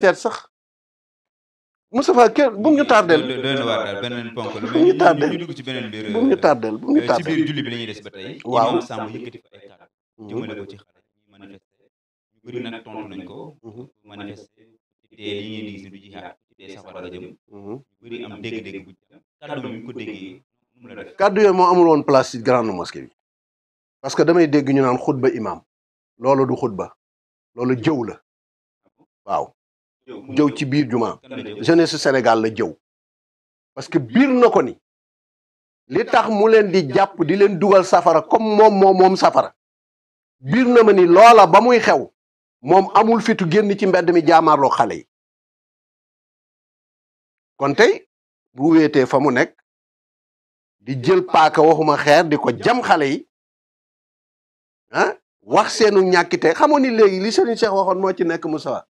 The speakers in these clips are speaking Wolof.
teer sax Moustapha kenn bu ñu tardel doy na waar daal ci beneen biir bu ñu tardel ñu euh, tardel ba tey waaw sàmm yëkkati fa ay kàddu mhm. jëmale ko ci xale ñu manifesté ñu bëri nag tontu nañ ko mhm. manifesté ci dee li ñuy liggéey du mhm. ñu bëri am dégg-dégg bu kàddu mi yooyu moo amuloon woon place ci grande mosquée bi parce que damay dégg ñu naan xutba imam loolu du xutba loolu jëw la ah waaw jëw ci biir juma jeunesse senegal la jëw parce que biir na ko ni li tax mu leen di jàpp di leen dugal safara comme moom moom safara biir na ma ni loola ba muy xew moom amul fitu génn ci mbedd mi jaamaarloo xale yi kon tey bu wéetee fa mu nekk di jël paaka waxuma xeer di ko jam xale yi ah wax seenu ñàkkite xamoon ni léegi li Serigne Cheikh waxoon moo ci nekk Moussa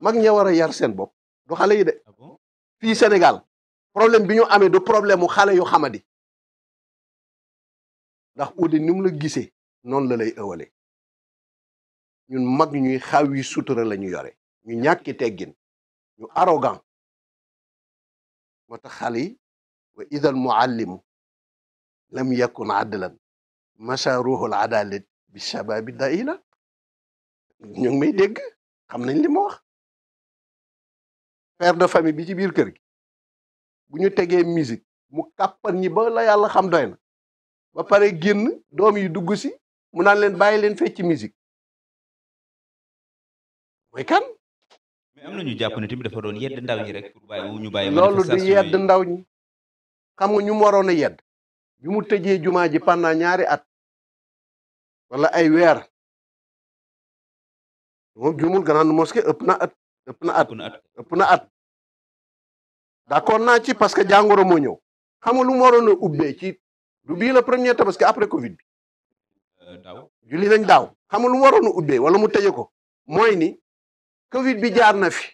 mag ña war a yar seen bopp du xale yi de. Ah fii Sénégal problème bi ñu amee du problème mu xale yu xamadi ndax Oudé ni la gisee noonu la lay ëwalee ñun mag ñuy xaw yi sutura la ñu yore ñu ñàkki teggin ñu arrogant moo tax xale yi wa idal muallimu lam yakun adlan masaruhul adalat bi shababi daila ñu ngi may dégg xam nañ li wax père de famille bi ci biir kër gi bu ñu tegee musique mu kàppar ñi ba la yàlla xam doy na ba pare génn doom yi dugg si mu naan leen bàyyi leen fecc musique mooy kan. mais am na ñu jàpp ne tamit dafa doon yedd ndaw ñi rek pour bàyyi ñu bàyyi. loolu du yedd ndaw ñi xam nga ñu mu waroon a yedd bi mu tëjee jumaa ji pendant ñaari at wala ay weer moom jumul grande mosquée ëpp na at ëpp na at ëpp na at d'accord naa ci parce que jàngoro moo ñëw xam lu mu waroon a ci du bii la premier tabaski après Covid bi. Euh, daaw julli nañ daaw xam nga lu mu waroon a wala mu tëje ko mooy ni Covid bi jaar na fi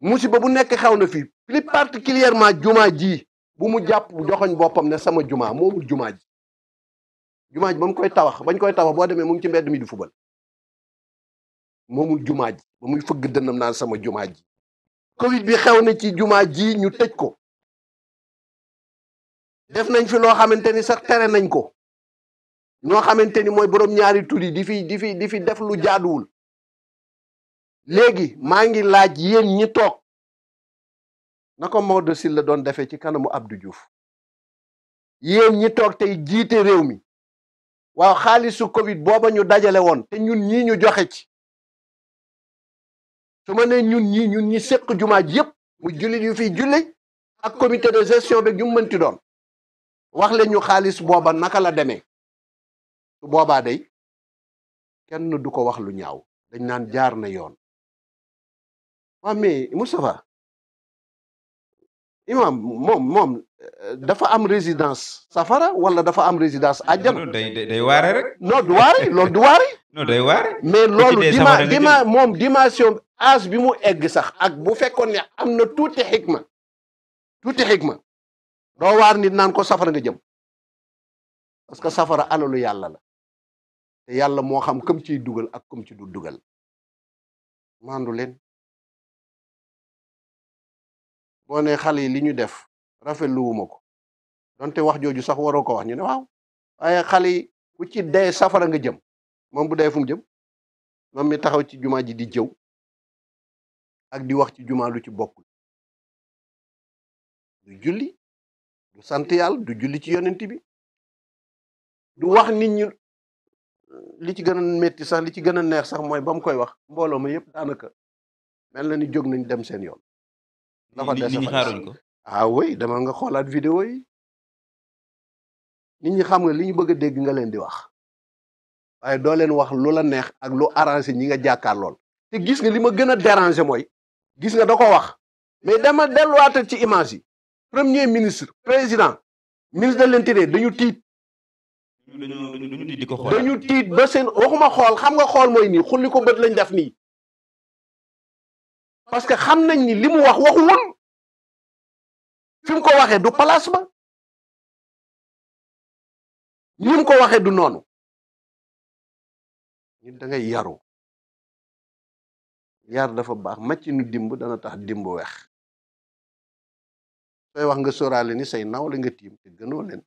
musiba bu nekk xew na fi plus particulièrement jumaa ji bu mu jàpp joxoñ boppam ne sama jumaa moomul jumaa ji jumaa ji ba mu koy tawax bañ koy tawax boo demee mu ngi ci mbedd mi di fubal. moomul jumaa ji ba muy fëgg dënnam naan sama jumaa ji covid bi xew na ci jumaa ji ñu tëj ko def nañ fi loo xamante ni sax tere nañ ko ñoo xamante ni mooy boroom ñaari tur yi di fi di fi di fi def lu jaaduwul léegi maa ngi laaj yéen ñi toog na ko Maodo la doon defee ci kanamu Abdou Diouf yéen ñi toog tey jiite réew mi waaw xaalisu covid booba ñu dajale woon te ñun ñii ñu joxe ci su ma ne ñun ñi ñun ñi seq jumaa ji yëpp mu jullit yu fiy julli ak comité de gestion bi ñu mënti doon wax leen ñu xaalis booba naka la demee su boobaa day kenn du ko wax lu ñaaw dañ naan jaar na yoon waa mais Moustapha imam moom moom dafa am résidence safara wala dafa am résidence àjjana day day waare rek non du waare loolu day waare mais loolu dima dima moom dimension âge bi mu egg sax ak bu fekkoon ne am na tuuti xikma tuuti xikma doo waar nit naan ko safara nga jëm parce que safara alalu yàlla la te yàlla moo xam comme ci dugal ak comme ci du dugal maandu leen boo ne xale yi li ñu def rafetlu wu ma ko donte wax jooju sax waroo ko wax ñu ne waaw waaye xale yi ku ci dee safara nga jëm moom bu dee fu jëm moom mi taxaw ci jumaa ji di jëw ak di wax ci jumaa lu ci bokkul du julli du sant yàlla du julli ci yonent bi du wax nit ñi li ci gën a métti sax li ci gën a neex sax mooy ba mu koy wax mbooloo ma yëpp daanaka mel na ni jóg nañ dem seen yoon. dafa des nit ñi dama ah nga xoolaat vidéo yi nit ñi xam nga li ñu bëgg a dégg nga leen di wax waaye doo leen wax lu la neex ak lu arrangé ñi nga jàkkaar lool te gis nga li ma gën a dérangé mooy gis nga da ko wax mais dama delluwaatal ci image yi premier ministre président ministre de l'intérieur dañu tiit. dañu tiit di ko xool dañu tiit ba seen waxuma xool xam nga xool mooy nii xulli ko bët lañ def nii parce que xam nañ ni li mu wax waxu woon fi ko waxee du place ba ni ko waxee du noonu ñun da ngay yaru yar dafa baax màccinu dimb dana tax dimb weex sooy wax nga sóoraale ni say naw la nga tiim te gënoo leen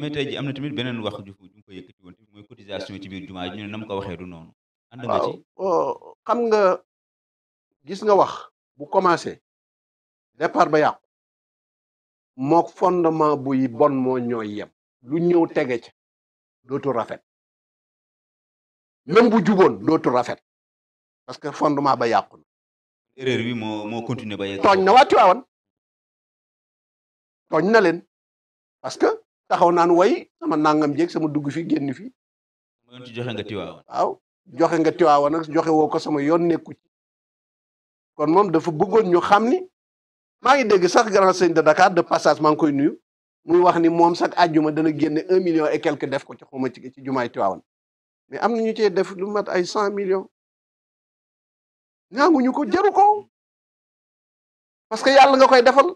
mais tey ji am na tamit beneen wax ju ñu ko yëkkati woon tamit mooy cotisation ci biir jumaa ji ñu ne waxee du noonu ànd nga ci oh, xam nga gis nga wax bu commencé départ ba yàqu mook fondement buy bon moo ñooy yem lu ñëw tege ca dootu rafet même bu juboon dootu rafet parce que fondement ba yàqu na. erreur bi moo moo continuer ba yegg. tooñ na waa Tiwaawan tooñ na leen parce que taxaw naan way sama nangam jéeg sama dugg fi génn fi. ma ci joxe nga Tiwaawan. joxe nga Tiwaawan nag joxe woo ko sama yoon nekku ci kon moom fu bëggoon ñu xam ni maa ngi dégg sax grand sëñ de Dakar de passage maa ngi koy nuyu. muy wax ni moom sax àjjuma dana génne un million et quelque def ko ci xuma ci ci jumaay Tiwaawan mais am na ñu cee def lu mat ay cent millions ñaanuñu ko jaru ko parce que yàlla nga koy defal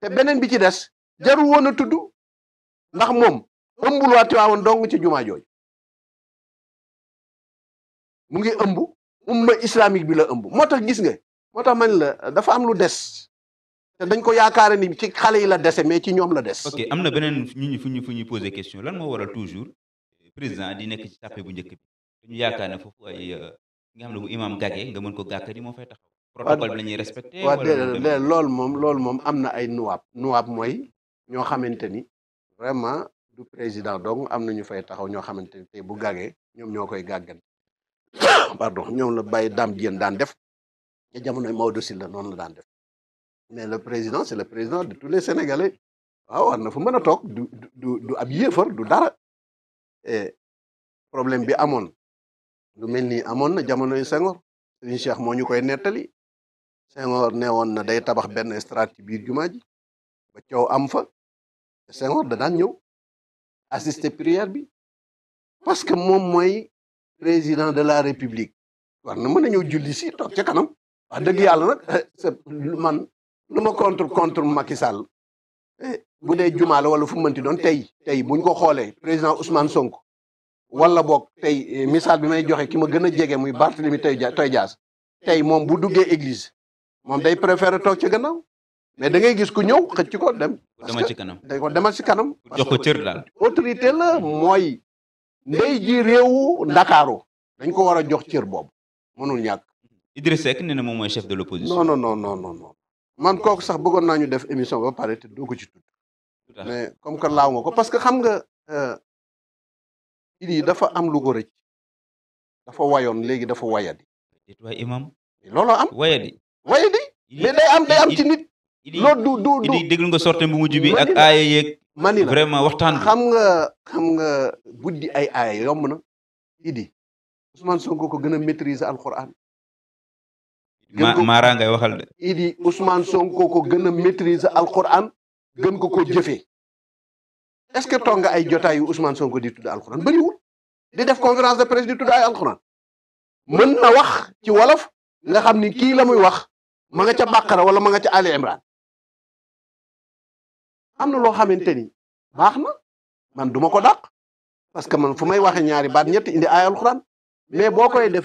te beneen bi ci des jaru woon a tudd ndax moom ëmbul waa Tiwaawan dong ci jumaa jooju mu ngi ëmb umma islamique bi la ëmb moo tax gis nga moo tax man la dafa am lu des te dañ ko yaakaare ni ci xale yi la dese mais ci ñoom la des. ok am na beneen ñu ñu fu ñu fu ñuy posé question lan moo waral toujours président di nekk ci tàppe bu njëkk bi dañu yaakaar ne foofu ay euh, nga xam ne bu imaam gàggee nga mën ko gàkk di moo fay taxaw protocole bi la ñuy respecté waaw déedéet loolu moom loolu moom am na ay nuwaab nuwaab mooy ñoo xamante ni vraiment du président donc am na ñu fay taxaw ñoo xamante ni tey bu gàggee ñoom ñoo koy gàggan pardon ñoom la bàyyi daam jiyén daan def te jamono Maodo Sylla noonu la daan def mais le président c'est le président de tous les sénégalais waaw war na fu mën a toog du du du ab yéefar du dara problème bi amoon lu mel nii amoon na jamonoy Senghor Serigne Cheikh moo ñu koy nettali Senghor ne woon na day tabax benn strate ci biir jumaa ba cow am fa Senghor da daan ñëw assister prière bi parce que moom mooy président de la république war na mën a ñëw julli si toog ca kanam wax dëgg yàlla nag eh, man lu ma contre contre Macky Sall eh, bu dee jumaa la wala fu mënti doon tey tey buñ ko xoolee président Ousmane sonk wala boog tey eh, misaal bi may joxe ki ma gën a jege muy Barthélemy Toye Dias tey moom bu duggee église moom day préféré toog ci gannaaw mais da ngay gis ku ñëw xëcc ko dem. demal ci kanam day ko demal ci kanam. jox ko cër daal autorité la mooy ndey ji réewu ndakaaru dañ ko war a jox cër boobu mënul ñàkk. Idriss Seck nee na moom mooy chef de l'opposition. non non non non non man kooku sax bëggoon naa ñu def émission ba pare te doo tut ci tudd. mais comme que ko parce que xam nga. Euh, idi dafa am lu ko rëcc dafa wayoon léegi dafa wayadi imam looloo am wayadi wayadi mais day am day am ci nit loolu du du du idi déglu nga sorte bu mujj bi ak aaya yeeg mani la vraiment waxtaan xam nga xam nga buddi ay aaya yomb na idi Ousmane Sonko ko gën a maîtriser alquran ma maara ngay waxal de gën a maîtriser gën ko ko jëfee est-ce que toog nga ay jotaay yu Ousmane Sonko di tudd alxuraan bëriwul di def conférence de presse di tudd ay alxuraan mën na wax ci wolof nga xam ni kii la muy wax ma nga ca Bàqara wala ma nga ca Ali am na loo xamante ni baax na man duma ko dàq parce que man fu may waxe ñaari baat ñetti indi ay alxuraan mais boo koy def